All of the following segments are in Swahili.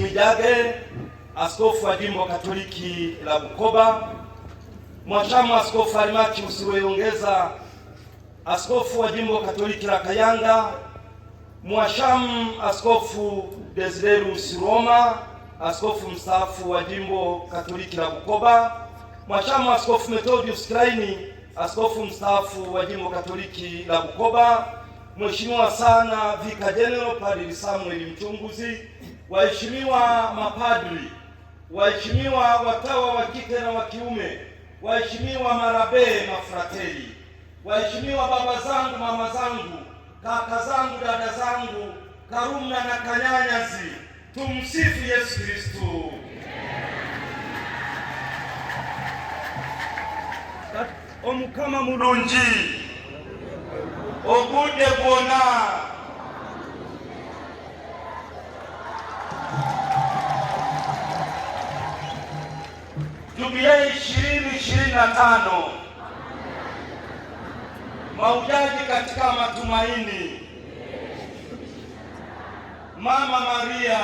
Mwijage, askofu wa jimbo Katoliki la Bukoba, mwashamu askofu Almachius Rweyongeza, askofu wa jimbo Katoliki la Kayanga, mwashamu askofu Desiderus Roma, askofu mstaafu wa jimbo Katoliki la Bukoba, mwashamu askofu Methodius Kraini, askofu mstaafu wa jimbo Katoliki la Bukoba, mheshimiwa sana vika general Padre Samuel Mchunguzi waheshimiwa mapadri, waheshimiwa watawa wa kike na wa kiume, waheshimiwa marabee mafrateli, waheshimiwa baba zangu, mama zangu, kaka zangu, dada zangu, karumna na kanyanyazi, tumsifu Yesu Kristu. omukama mulungi ogude gwona Jubilei ishirini ishirini na tano maujaji katika matumaini. Mama Maria,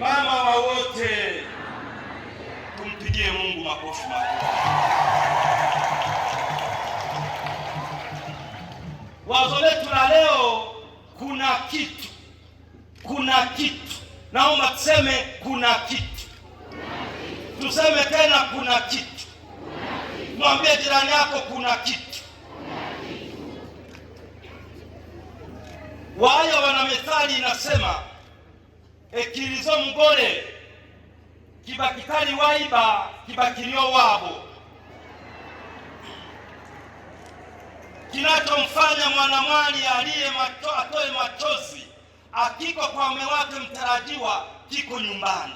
mama wa wote, tumpigie Mungu makofi makubwa. Wazo letu la leo, kuna kitu, kuna kitu, naomba tuseme kuna kitu Tuseme tena, kuna kitu. Mwambie jirani yako kuna kitu. Wayo wana methali inasema, ekirizo mgole kibakitali waiba kibakilio wabo. Kinachomfanya mwanamwali aliye macho, atoe machozi akiko kwa mume wake mtarajiwa kiko nyumbani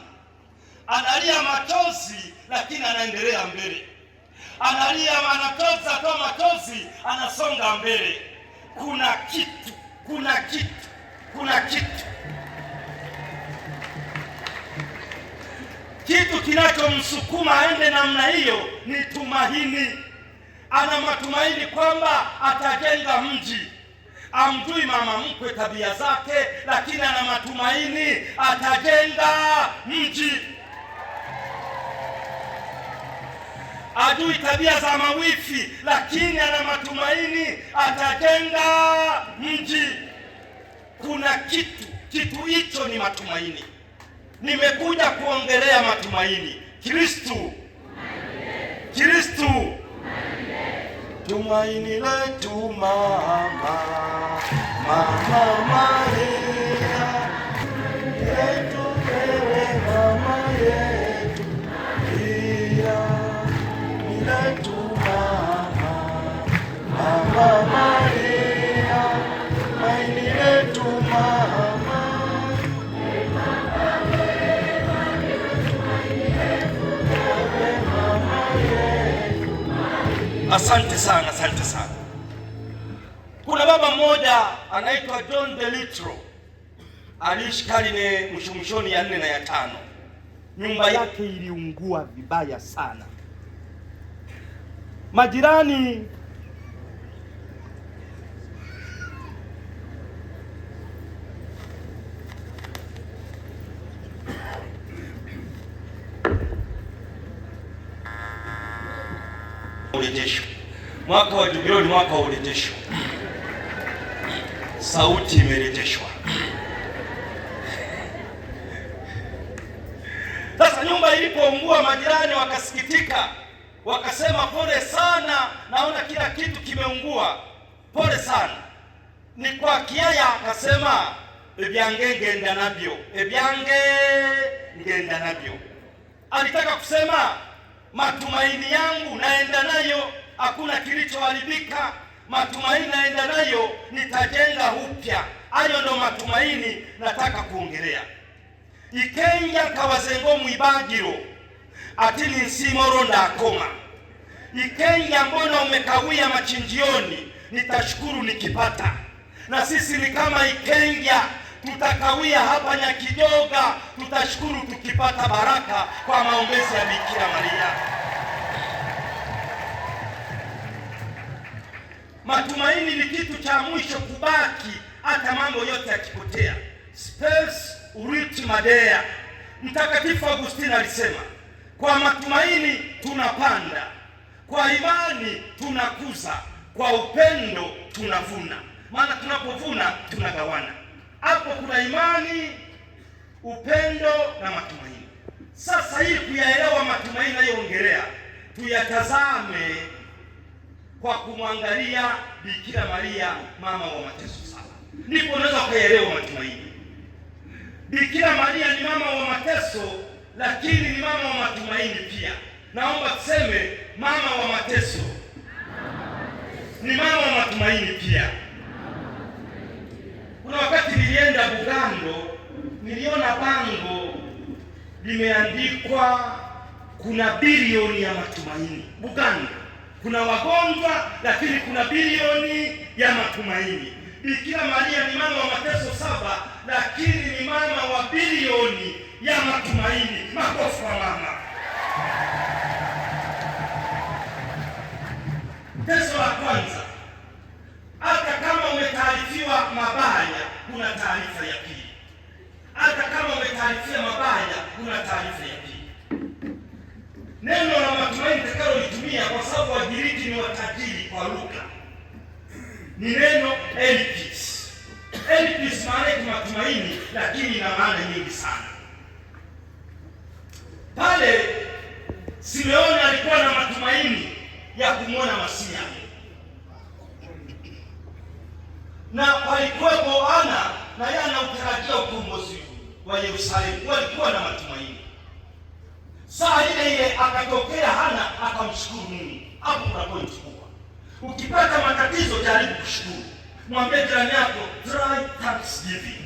analia machozi, lakini anaendelea mbele. Analia, anatoza toa machozi, anasonga mbele. Kuna kitu, kuna kitu, kuna kitu, kitu kinachomsukuma aende namna hiyo ni tumaini. Ana matumaini kwamba atajenga mji. Amjui mama mkwe tabia zake, lakini ana matumaini atajenga mji. ajui tabia za mawifi, lakini ana matumaini atajenga mji. Kuna kitu, kitu hicho ni matumaini. Nimekuja kuongelea matumaini. Kristu, Kristu, tumaini letu mama, mama, mama Asante sana, asante sana. Kuna baba mmoja anaitwa John Delitro, aliishi karne mshumshoni ya nne na ya tano. Nyumba yake iliungua vibaya sana, majirani urejesho. Mwaka wa jubileo ni mwaka wa urejesho, sauti imerejeshwa. Sasa nyumba ilipoungua, majirani wakasikitika, wakasema pole sana, naona kila kitu kimeungua, pole sana. Ni kwa kiaya akasema, ebyange ngenda navyo, ebyange ngenda navyo. Alitaka kusema matumaini yangu naenda nayo, hakuna kilichoharibika. Matumaini naenda nayo, nitajenga upya. Hayo ndo matumaini nataka kuongelea. ikenja kawazengo mwibagiro ati ni nsimoro ndakoma ikenja, mbona umekawia machinjioni? Nitashukuru nikipata na sisi ni kama ikenja tutakawia hapa Nyakidoga. Tutashukuru tukipata baraka kwa maombezi ya Bikira Maria. Matumaini ni kitu cha mwisho kubaki, hata mambo yote yakipotea. Spes urit madea, Mtakatifu Agustino alisema, kwa matumaini tunapanda, kwa imani tunakuza, kwa upendo tunavuna. Maana tunapovuna tunagawana hapo kuna imani, upendo na matumaini. Sasa hii kuyaelewa matumaini nayoongelea, tuyatazame kwa kumwangalia Bikira Maria mama wa mateso sana, ndipo unaweza kuyaelewa matumaini. Bikira Maria ni mama wa mateso, lakini ni mama wa matumaini pia. Naomba tuseme mama wa mateso ni mama wa matumaini pia ya Bugando niliona bango limeandikwa kuna bilioni ya matumaini. Bugando kuna wagonjwa, lakini kuna bilioni ya matumaini. Bikira Maria ni mama wa mateso saba, lakini ni mama wa bilioni ya matumaini. Makofi kwa mama. Teso la kwanza hata kama umetaarifiwa mabaya, kuna taarifa ya pili. Hata kama umetaarifiwa mabaya, kuna taarifa ya pili. Neno la matumaini takalolitumia, kwa sababu Wagiriki ni watajiri kwa lugha, ni neno elpis. Elpis maana yake matumaini, lakini ina maana nyingi sana. Pale Simeoni alikuwa na matumaini ya kumwona Masihi na walikuwepo ana na yeye anautarajia ukombozi wa Yerusalemu, walikuwa na matumaini. Saa ile ile akatokea Hana akamshukuru Mungu. Hapo kuna point kubwa. Ukipata matatizo, jaribu kushukuru, mwambie jirani yako try thanksgiving.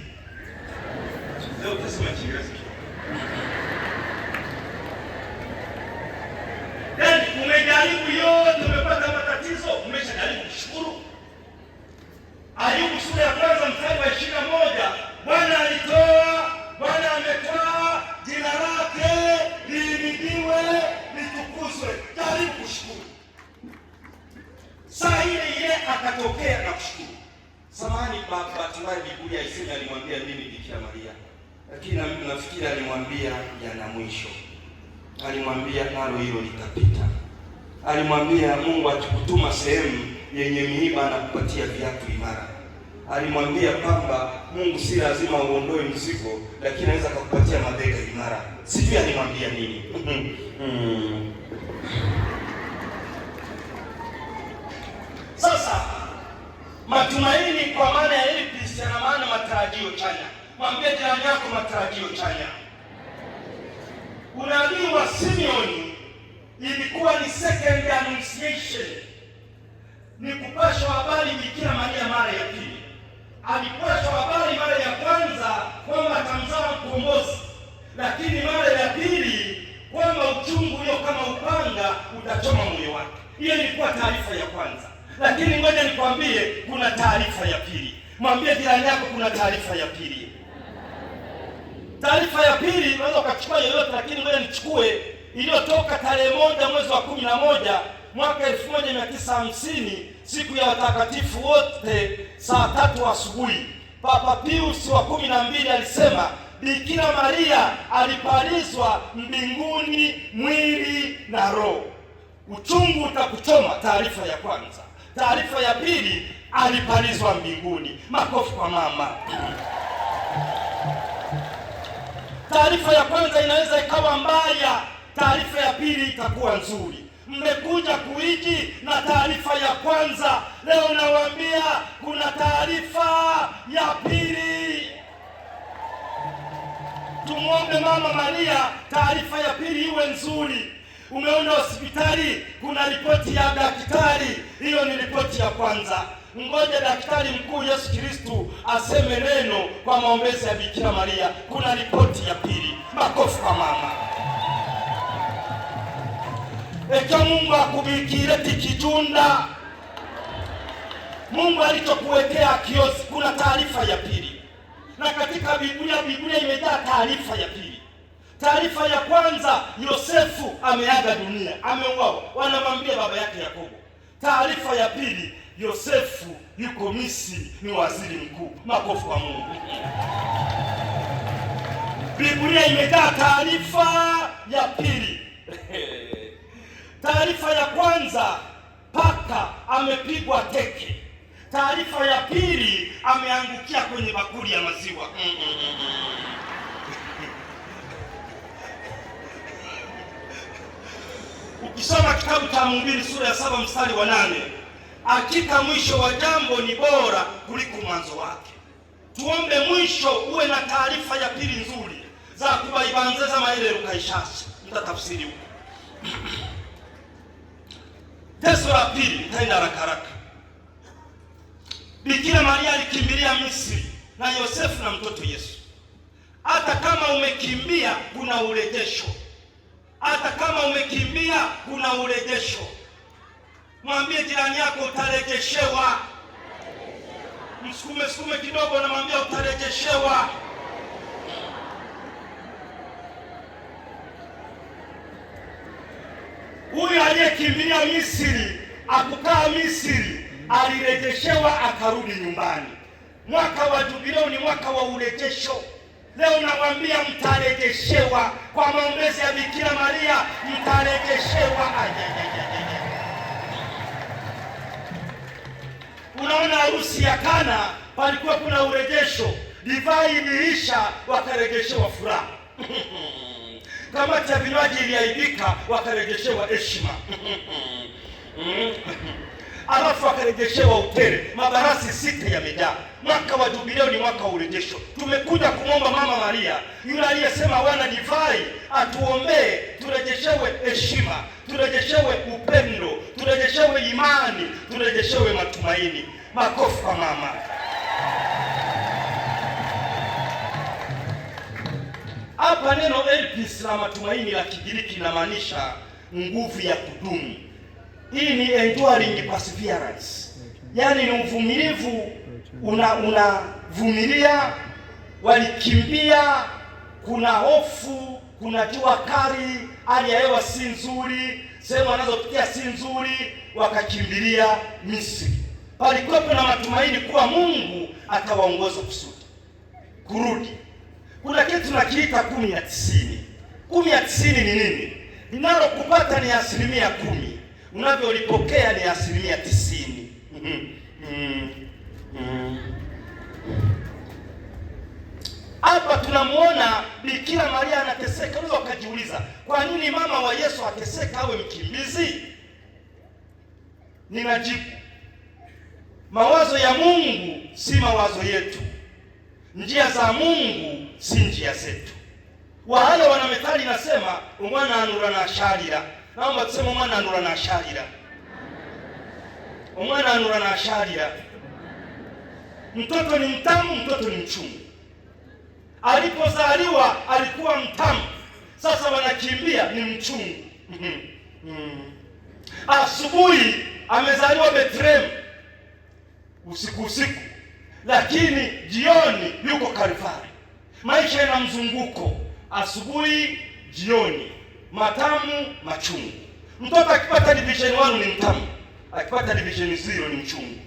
then yaani, umejaribu yote, umepata matatizo, umeshajaribu kushukuru Ayubu sura ya kwanza mstari wa ishirini na moja Bwana alitoa, Bwana ametwaa, jina lake lihimidiwe, litukuzwe. Jaribu kushukuru saa ile ile, akatokea na kushukuru. Samahani, bahatimbaya Biblia haisemi alimwambia mimi Bikira Maria, lakini na mimi nafikiri alimwambia yana mwisho, alimwambia nalo hilo litapita, alimwambia Mungu akikutuma sehemu yenye miiba kupatia viatu imara alimwambia kwamba Mungu si lazima uondoe mzigo, lakini anaweza akakupatia mabega imara. Sijui alimwambia nini. Hmm. Sasa matumaini kwa maana ya hili Kristo, na maana matarajio chanya. Mwambie jirani yako matarajio chanya. Unabii wa Simeoni ilikuwa ni second annunciation, ni kupashwa habari Bikira Maria mara ya pili alipashwa habari mara ya kwanza kwamba atamzaa mkombozi, lakini mara ya pili kwamba uchungu hiyo kama upanga utachoma moyo wake. Hiyo ilikuwa taarifa ya kwanza, lakini ngoja nikwambie, kuna taarifa ya pili. Mwambie jirani yako kuna taarifa ya pili. Taarifa ya pili unaweza ukachukua yoyote, lakini ngoja nichukue iliyotoka tarehe moja mwezi wa kumi na moja mwaka hamsini siku ya watakatifu wote saa tatu asubuhi, Papa Pius wa kumi na mbili alisema Bikira Maria alipalizwa mbinguni mwili na roho. Uchungu utakuchoma, taarifa ya kwanza. Taarifa ya pili, alipalizwa mbinguni. Makofi kwa mama. Taarifa ya kwanza inaweza ikawa mbaya, taarifa ya pili itakuwa nzuri mmekuja kuiji na taarifa ya kwanza. Leo nawaambia kuna taarifa ya pili. Tumwombe Mama Maria taarifa ya pili iwe nzuri. Umeona hospitali kuna ripoti ya daktari, hiyo ni ripoti ya kwanza. Ngoja daktari mkuu Yesu Kristu aseme neno kwa maombezi ya Bikira Maria. Kuna ripoti ya pili. Makofi kwa mama ekyo Mungu akubikire tikijunda. Mungu alichokuwekea kiosi. Kuna taarifa ya pili, na katika Biblia, Biblia imejaa taarifa ya pili. Taarifa ya kwanza, Yosefu ameaga dunia, ameuawa, wanamwambia baba yake Yakobo. Taarifa ya pili, Yosefu yuko Misri, ni waziri mkuu. makofu wa Mungu. Biblia imejaa taarifa ya pili Taarifa ya kwanza, paka amepigwa teke. Taarifa ya pili, ameangukia kwenye bakuli ya maziwa. Ukisoma kitabu cha Mhubiri sura ya saba mstari wa nane hakika mwisho wa jambo ni bora kuliko mwanzo wake. Tuombe mwisho uwe na taarifa ya pili nzuri za kubaibanzeza maelelukaishasha mtatafsiri huko Teso la pili, tenda haraka haraka. Bikira Maria alikimbilia Misri na Yosefu na mtoto Yesu. Hata kama umekimbia kuna urejesho, hata kama umekimbia kuna urejesho. Mwambie jirani yako utarejeshewa, msukume sukume kidogo, namwambia utarejeshewa. Huyu aliyekimbia Misri akukaa Misri alirejeshewa akarudi nyumbani. Mwaka wa jubileo ni mwaka wa urejesho. Leo namwambia mtarejeshewa, kwa maombezi ya Bikira Maria mtarejeshewa. Unaona, harusi ya Kana palikuwa kuna urejesho, divai imeisha, wakarejeshewa furaha kamati ya vinywaji iliaibika, wakarejeshewa heshima alafu wakarejeshewa utere mabarasi sita yamejaa. Mwaka wa jubileo ni mwaka wa urejesho. Tumekuja kumwomba Mama Maria yule aliyesema wana divai atuombee, turejeshewe heshima, turejeshewe upendo, turejeshewe imani, turejeshewe matumaini. Makofi kwa mama. Hapa neno elpis la matumaini la Kigiriki linamaanisha nguvu ya kudumu. Hii ni enduring perseverance, yaani ni uvumilivu una unavumilia. Walikimbia, kuna hofu, kuna jua kali, hali ya hewa si nzuri, sehemu wanazopitia si nzuri, wakakimbilia Misri. Palikuwepo na matumaini kuwa Mungu atawaongoza kusudi kurudi kuna kitu tunakiita kumi ya tisini. Kumi ya tisini ni nini? Linalokupata ni asilimia kumi, unavyolipokea ni asilimia tisini. hapa Tunamwona Bikira Maria anateseka. Unaweza ukajiuliza kwa nini mama wa Yesu ateseka awe mkimbizi? Ninajibu, mawazo ya Mungu si mawazo yetu njia za Mungu si njia zetu. Wahaya wana methali nasema umwana anura na asharira. Naomba tuseme umwana anura na asharira, umwana anura na asharira. Mtoto ni mtamu, mtoto ni mchungu. Alipozaliwa alikuwa mtamu, sasa wanakimbia ni mchungu. Asubuhi amezaliwa Bethlehem, usiku usiku lakini jioni yuko Kalvari. Maisha yana mzunguko, asubuhi, jioni, matamu, machungu. Mtoto akipata division 1 ni mtamu, akipata division zio ni mchungu.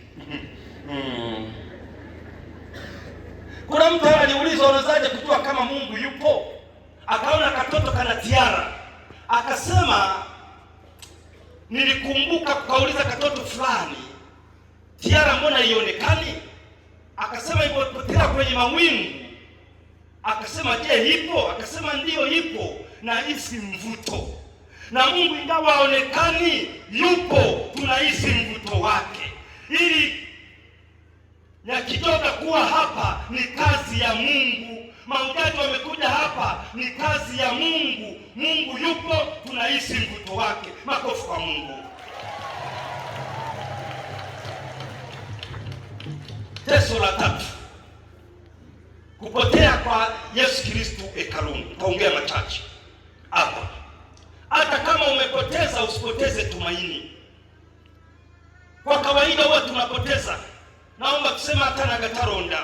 Kuna mtu aliuliza, unawezaje kujua kama Mungu yupo? Akaona katoto kana tiara, akasema nilikumbuka, kukauliza katoto fulani, tiara mbona ionekani? akasema ipotela kwenye mawingu, akasema je, ipo? Akasema ndiyo ipo, nahisi mvuto na Mungu ingawa aonekani, yupo, tunahisi mvuto wake. Ili yakitoka kuwa hapa ni kazi ya Mungu, mahujaji wamekuja hapa ni kazi ya Mungu. Mungu yupo, tunahisi mvuto wake. Makofi kwa Mungu. Teso la tatu, kupotea kwa Yesu Kristo hekaluni. Nitaongea machache hapa. Hata kama umepoteza, usipoteze tumaini. Kwa kawaida huwa tunapoteza. Naomba kusema hatana gataronda,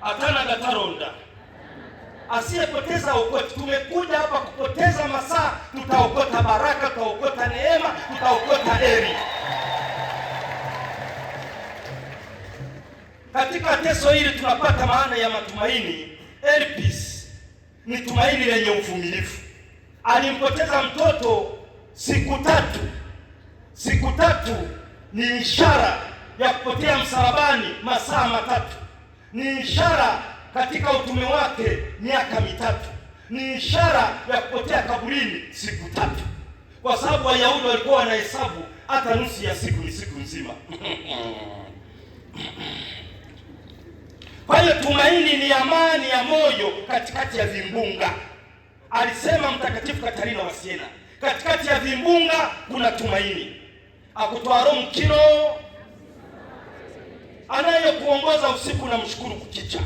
hatana gataronda, asiyepoteza ukoti. Tumekuja hapa kupoteza masaa, tutaokota baraka, tutaokota neema, tutaokota heri. Katika teso hili tunapata maana ya matumaini. Elpis ni tumaini lenye uvumilivu. Alimpoteza mtoto siku tatu. Siku tatu ni ishara ya kupotea msalabani masaa matatu, ni ishara katika utume wake miaka mitatu, ni ishara ya kupotea kaburini siku tatu, kwa sababu Wayahudi walikuwa wanahesabu hata nusu ya siku ni siku nzima Kwa hiyo tumaini ni amani ya moyo katikati ya vimbunga, alisema Mtakatifu Katarina wa Siena. Katikati ya vimbunga kuna tumaini. Akutoa roho mkino, anayekuongoza usiku na mshukuru kukicha.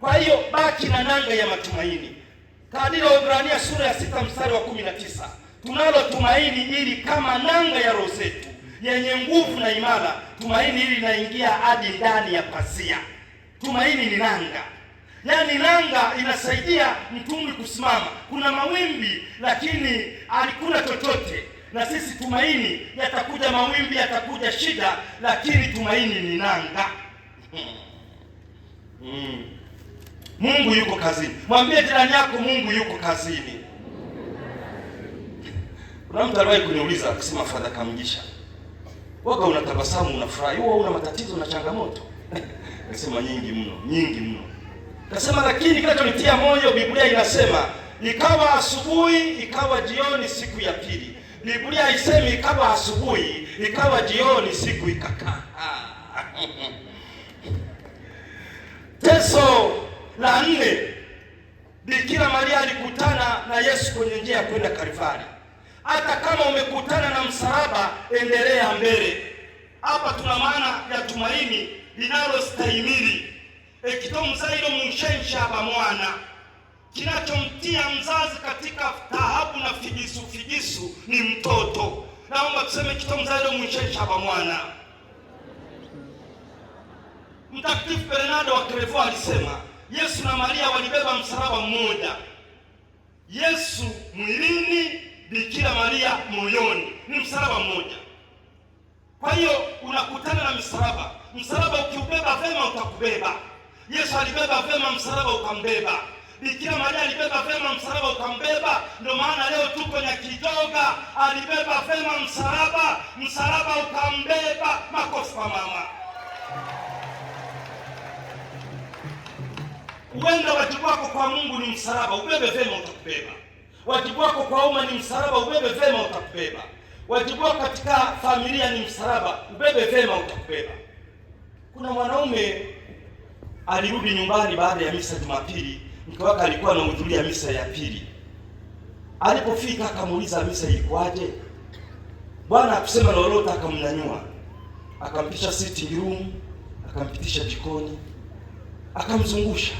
Kwa hiyo baki na nanga ya matumaini. Kadiri Waebrania sura ya sita mstari wa kumi na tisa tunalo tumaini ili kama nanga ya roho zetu yenye nguvu na imara, tumaini hili linaingia hadi ndani ya pazia. Tumaini ni nanga, yaani nanga inasaidia mtumbwi kusimama. Kuna mawimbi lakini alikula chochote, na sisi tumaini, yatakuja mawimbi, yatakuja shida, lakini tumaini ni nanga. Hmm. Mungu yuko kazini. Mwambie jirani yako Mungu yuko kazini. Kuna mtu aliwahi kuniuliza akisema, Fadha Kamugisha, waga unatabasamu, unafurahi, huwa una matatizo na changamoto? Nasema nyingi mno, nyingi mno. Nasema lakini kinachonitia moyo, Biblia inasema ikawa asubuhi, ikawa jioni, siku ya pili. Biblia haisemi ikawa asubuhi, ikawa jioni, siku ikakaa. Teso la nne, Bikira Maria alikutana na Yesu kwenye njia ya kwenda Kalvari. Hata kama umekutana na msalaba, endelea mbele. Hapa tuna maana ya tumaini linalostahimili ekitomzailo munshensha mwana kinachomtia mzazi katika taabu na figisu figisu ni mtoto. Naomba tuseme kitomzailo munshensha mwana. Mtakatifu Bernardo wa krevo alisema Yesu na Maria walibeba msalaba mmoja, Yesu mwilini, Bikira Maria moyoni. Ni msalaba mmoja. Kwa hiyo unakutana na msalaba Msalaba ukiubeba vema utakubeba. Yesu alibeba vema msalaba ukambeba. Bikira Maria alibeba vema msalaba ukambeba. Ndio maana leo tuko Nyakidoga, alibeba vema msalaba, msalaba ukambeba. Makofi kwa mama. Uenda wajibu wako kwa Mungu ni msalaba, ubebe vema, utakubeba. Wajibu wako kwa umma ni msalaba, ubebe vema, utakubeba. Wajibu wako katika familia ni msalaba, ubebe vema, utakubeba. Kuna mwanaume alirudi nyumbani baada ya misa Jumapili, mke wake alikuwa anahudhuria misa ya pili. Alipofika akamuuliza misa ilikuwaje, bwana akusema lolote, akamnyanyua akampisha sitting room, akampitisha jikoni, akamzungusha.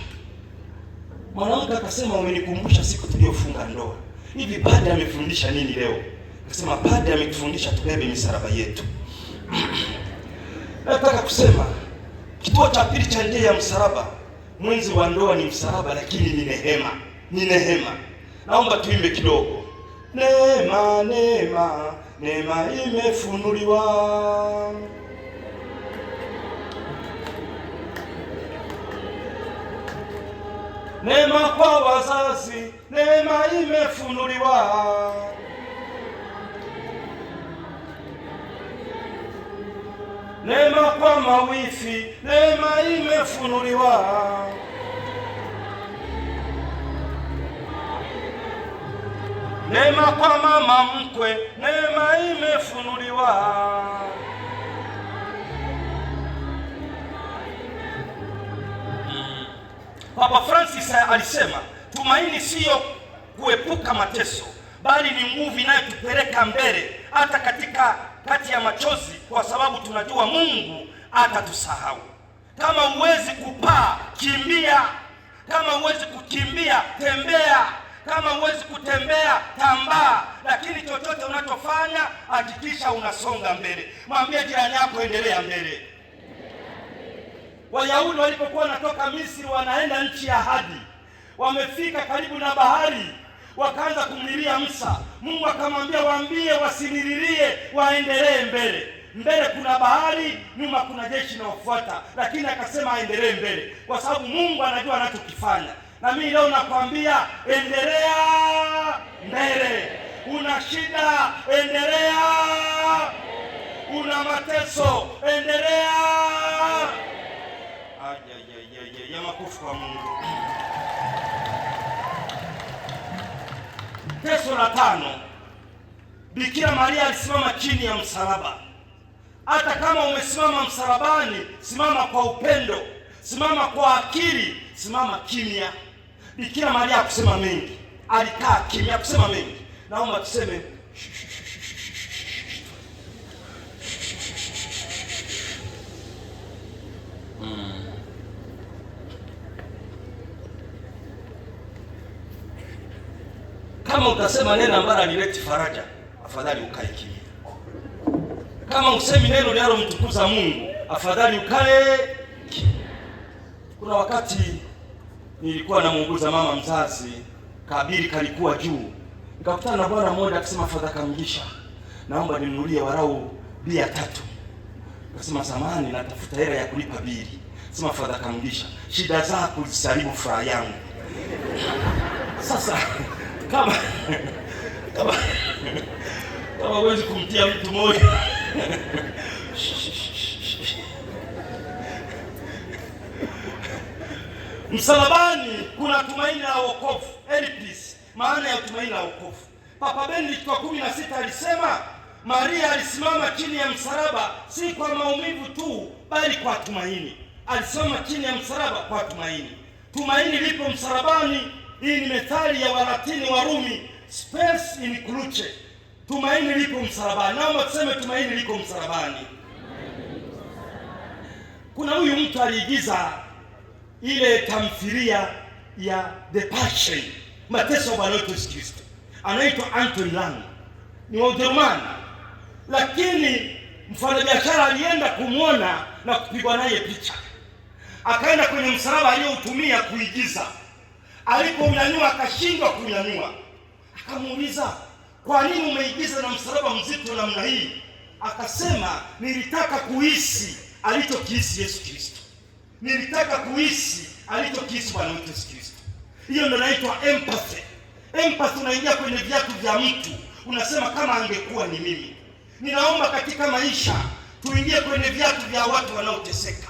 Mwanamke akasema umenikumbusha siku tuliyofunga ndoa, hivi padre amefundisha nini leo? Akasema padre ametufundisha tubebe misalaba yetu. Nataka kusema Kituo cha pili cha njia ya msalaba, mwenzi wa ndoa ni msalaba, lakini ni nehema, ni nehema Naomba tuimbe kidogo. Neema, neema, neema imefunuliwa Neema kwa wazazi, neema imefunuliwa. neema kwa mawifi, neema imefunuliwa. Neema kwa mama mkwe, neema imefunuliwa. Papa Francis alisema tumaini siyo kuepuka mateso, bali ni nguvu inayotupeleka mbele hata katika kati ya machozi, kwa sababu tunajua Mungu atatusahau Kama huwezi kupaa, kimbia. Kama huwezi kukimbia, tembea. Kama huwezi kutembea, tambaa. Lakini chochote unachofanya hakikisha unasonga mbele. Mwambie jirani yako, endelea mbele. Wayahudi walipokuwa wanatoka Misri wanaenda nchi ya ahadi, wamefika karibu na bahari wakaanza kumlilia Musa. Mungu akamwambia waambie wasinililie, waendelee mbele mbele kuna bahari, nyuma kuna jeshi linalofuata, lakini akasema aendelee mbele, kwa sababu Mungu anajua anachokifanya. Na mimi leo nakwambia endelea mbele. Una shida, endelea. Una mateso, endelea. Ajajajaja, makofi kwa Mungu. Mateso la tano, Bikira Maria alisimama chini ya msalaba. Hata kama umesimama msalabani, simama kwa upendo, simama kwa akili, simama kimya. Bikira Maria akusema mengi, alikaa kimya, kusema mengi. Naomba tuseme Kama utasema neno ambalo alileti faraja, afadhali ukae kimya. Kama usemi neno linalomtukuza Mungu, afadhali ukae kimya. Kuna wakati nilikuwa namuuguza mama mzazi, kabiri kalikuwa juu, nikakutana na bwana mmoja akisema, Fadha Kamugisha, naomba ninunulie warau bia tatu. Nikasema samani, natafuta hela ya kulipa bili. Sema Fadha Kamugisha, shida zako zisaribu furaha yangu. Sasa kama kama kama huwezi kumtia mtu moyo msalabani, kuna tumaini la wokovu. maana ya tumaini la wokovu. Papa Benedict wa kumi na sita alisema Maria alisimama chini ya msalaba si kwa maumivu tu, bali kwa tumaini. Alisimama chini ya msalaba kwa tumaini. Tumaini lipo msalabani. Hii ni methali ya Walatini Warumi, spes in cruce, tumaini liko msalabani. Naomba tuseme tumaini liko msalabani. Kuna huyu mtu aliigiza ile tamthilia ya The Passion, mateso ya Bwana wetu Yesu Kristo, anaitwa Anthony Lang, ni wa Ujerumani, lakini mfanyabiashara alienda kumwona na kupigwa naye picha, akaenda kwenye msalaba aliyoutumia kuigiza alipounyanyua akashindwa kunyanyua, akamuuliza kwa nini umeigiza na msalaba mzito namna hii? Akasema, nilitaka kuhisi alichokihisi Yesu Kristo, nilitaka kuhisi alichokihisi Bwana wetu Yesu Kristo. Hiyo ndio inaitwa empathy. Empathy, unaingia kwenye viatu vya mtu, unasema kama angekuwa ni mimi. Ninaomba katika maisha tuingie kwenye viatu vya watu wanaoteseka.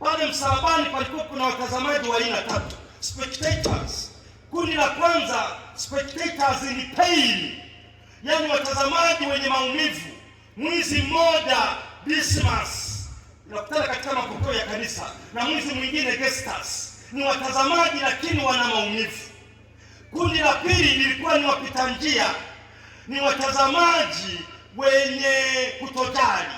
Pale msalabani palikuwa kuna watazamaji wa aina tatu spectators. Kundi la kwanza spectators ni pain, yani watazamaji wenye maumivu. Mwizi mmoja Dismas inakutana katika mapokeo ya kanisa na mwizi mwingine Gestas, ni watazamaji lakini wana maumivu. Kundi la pili lilikuwa ni wapita njia, ni watazamaji wenye kutojali,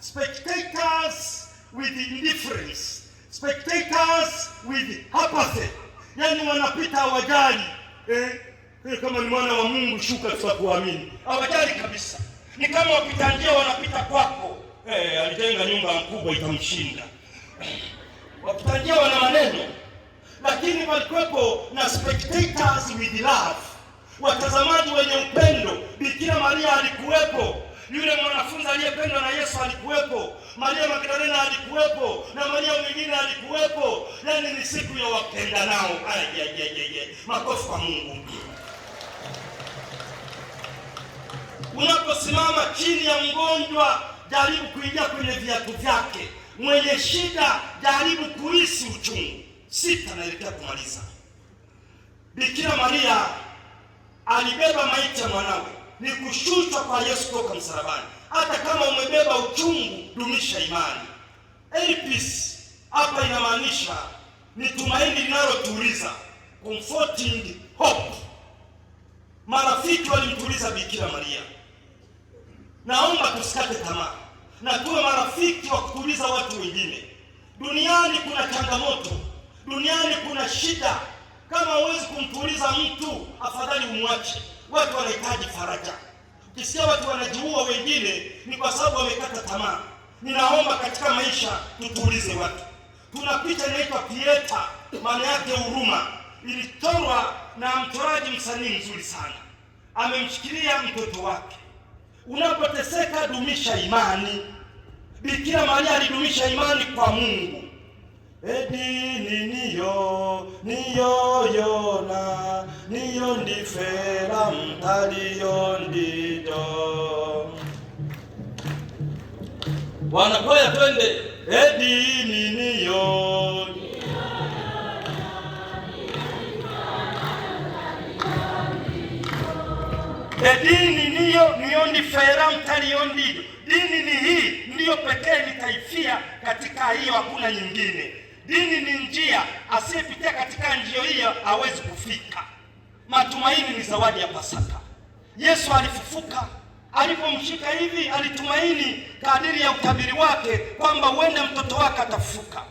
spectators with indifference, spectators with apathy yani wanapita hawajali eh, eh? Kama ni mwana wa Mungu shuka, tutakuamini. Hawajali kabisa, ni kama wapita njia wanapita kwako. Eh, alijenga nyumba kubwa itamshinda. Wapita njia wana maneno, lakini walikuwepo na spectators with love, watazamaji wenye upendo. Bikira Maria alikuwepo. Yule mwanafunzi aliyependwa na Yesu alikuwepo, Maria Magdalena alikuwepo na Maria mwingine alikuwepo. Yani ni siku ya wapenda nao. Ajejejeje, makofi kwa Mungu. Unaposimama chini ya mgonjwa, jaribu kuingia kwenye viatu vyake. Mwenye shida, jaribu kuhisi uchungu. Sita, naelekea kumaliza. Bikira Maria alibeba maiti ya mwanawe ni kushushwa kwa Yesu toka msalabani. Hata kama umebeba uchungu, dumisha imani. Elpis hapa inamaanisha ni tumaini linalotuliza, comforting hope. Marafiki walimtuliza Bikira Maria. Naomba tusikate tamaa na tuwe marafiki wa kutuliza watu wengine. Duniani kuna changamoto, duniani kuna shida. Kama huwezi kumtuliza mtu, afadhali umwache. Watu wanahitaji faraja. Ukisikia watu wanajiua wengine, ni kwa sababu wamekata tamaa. Ninaomba katika maisha tutulize watu. Tuna picha inaitwa Pieta, maana yake huruma. Ilichorwa na mchoraji msanii mzuri sana, amemshikilia mtoto wake. Unapoteseka, dumisha imani. Bikira Maria alidumisha imani kwa Mungu edini niyo niyoyona niyo ndifera mtaliyo ndito wanakwaya twende edini niyo edini niyo niyo ndifera mtaliyo ndito dini ni hii ndiyo pekee nitaifia katika hiyo hakuna nyingine Dini ni njia, asiyepitia katika njia hiyo hawezi kufika. Matumaini ni zawadi ya Pasaka. Yesu alifufuka, alipomshika hivi alitumaini kadiri ya utabiri wake kwamba huenda mtoto wake atafufuka,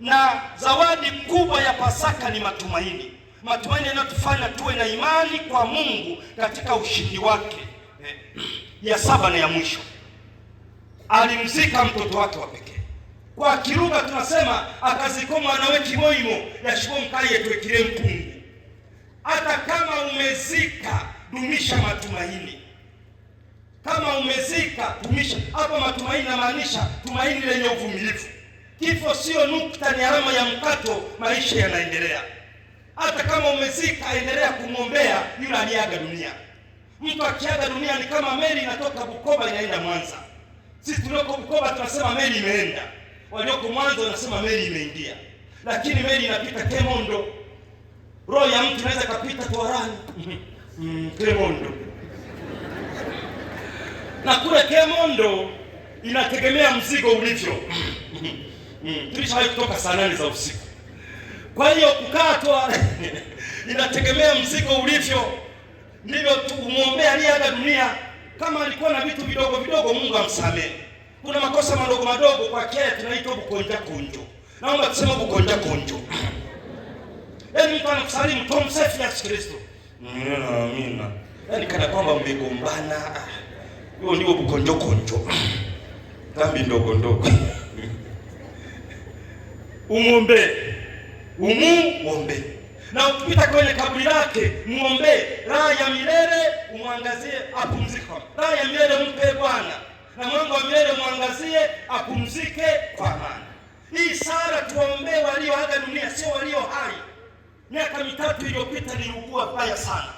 na zawadi kubwa ya Pasaka ni matumaini, matumaini yanayotufanya tuwe na imani kwa Mungu katika ushindi wake. Eh, ya saba na ya mwisho, alimzika mtoto wake wa pekee kwa kiruga tunasema akazikoma nawe kimoimo yashiko mkali yetwekile mpungu. Hata kama umezika, dumisha matumaini. Kama umezika, dumisha hapo matumaini. Namaanisha tumaini lenye uvumilivu. Kifo sio nukta, ni alama ya mkato, maisha yanaendelea. Hata kama umezika, endelea kumwombea yule aliaga dunia. Mtu akiaga dunia ni kama meli inatoka Bukoba inaenda Mwanza. Sisi tulioko Bukoba tunasema meli imeenda walioko mwanzo wanasema meli imeingia, lakini meli inapita Kemondo. Roho ya mtu inaweza kapita kwa rani mm-hmm. mm, Kemondo na kule Kemondo inategemea mzigo ulivyo. Mm, tulishawahi kutoka saa nane za usiku, kwa hiyo kukatwa inategemea mzigo ulivyo, ndivyo tumwombea aliyeaga dunia. Kama alikuwa na vitu vidogo vidogo, Mungu amsamehe kuna makosa madogo madogo kwa kia tunaitwa bukonja konjo. Naomba tuseme bukonja konjo. Yaani mtu anakusalimu tumsifu Yesu Kristo. Amina amina. Yaani kana kwamba mmegombana. Hiyo ndio bukonjo konjo. Dhambi ndogo ndogo. Umwombe. Umuombe. Na ukipita kwenye kaburi lake, muombe raha ya milele, umwangazie apumzike. Raha ya milele mpe Bwana na Mungu amele mwangazie apumzike kwa amani. Hii sala tuombee walioaga dunia, sio walio hai. Miaka mitatu iliyopita niliugua baya sana,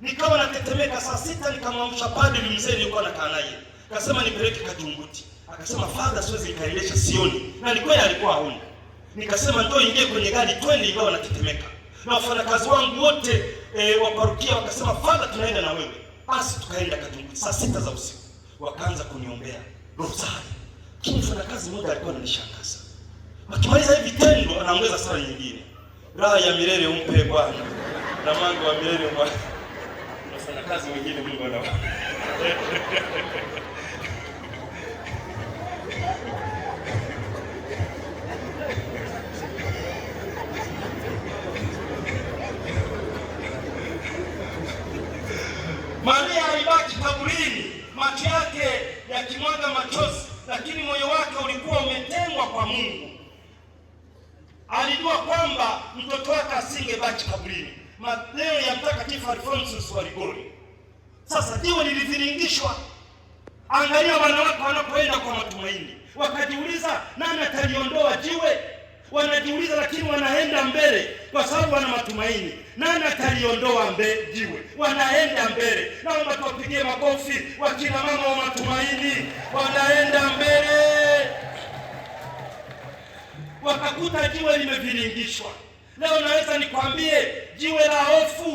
nikawa natetemeka. Saa sita nikamwamsha padri mzee nilikuwa nakaa naye, akasema nipeleke Kajunguti. Akasema fadha, siwezi nikaendesha, sioni. Na ni kweli alikuwa haoni. Nikasema ndio, ingie kwenye gari twende, Ikawa natetemeka. Na wafanyakazi wangu wote e, wa parokia wakasema fadha, tunaenda na wewe. Basi tukaenda Kajunguti saa sita za usiku wakaanza kuniombea rosari. Lakini mfanya kazi mmoja alikuwa ananishangaza, akimaliza hivi tendo anaongeza sala nyingine, raha ya milele umpe Bwana na mwanga wa milele Bwana. Mfanya kazi mwingine Mungu anaona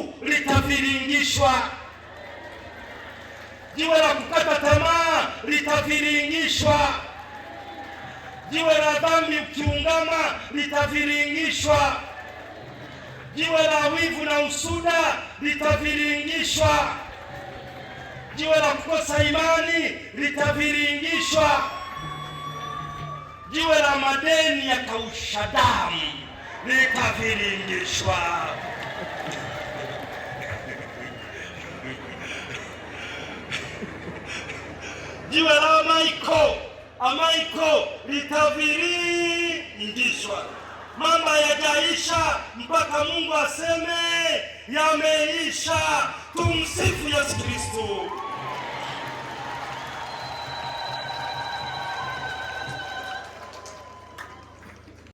Mungu litaviringishwa, jiwe la kukata tamaa litaviringishwa, jiwe la dhambi ukiungama litaviringishwa, jiwe la wivu na usuda litaviringishwa, jiwe la kukosa imani litaviringishwa, jiwe la madeni ya kausha damu litaviringishwa. jiwe la amaiko amaiko litaviringishwa. Mambo yajaisha mpaka Mungu aseme yameisha. Tumsifu Yesu Kristo.